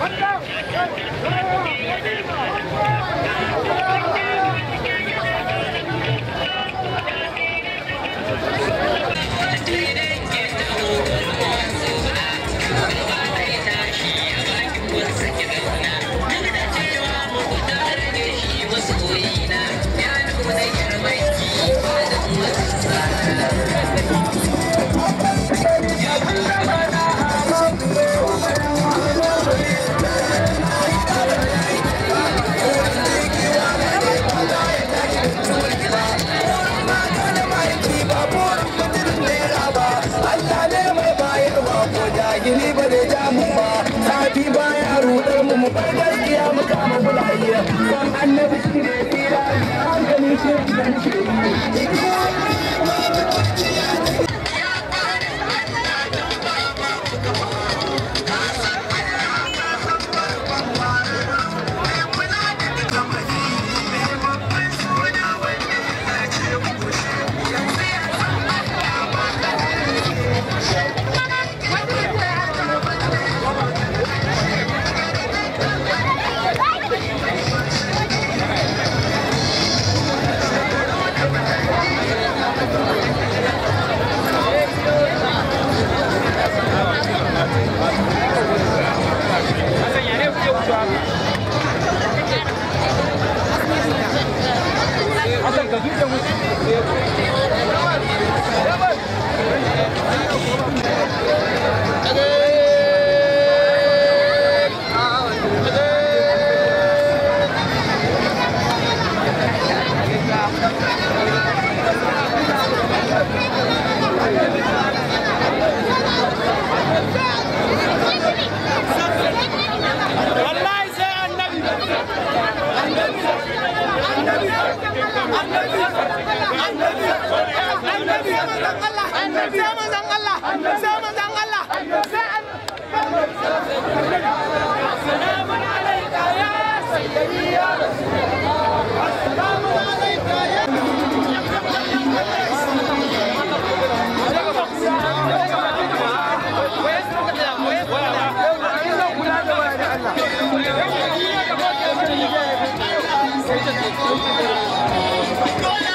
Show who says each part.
Speaker 1: Bắt đầu! Thank you. Thank you.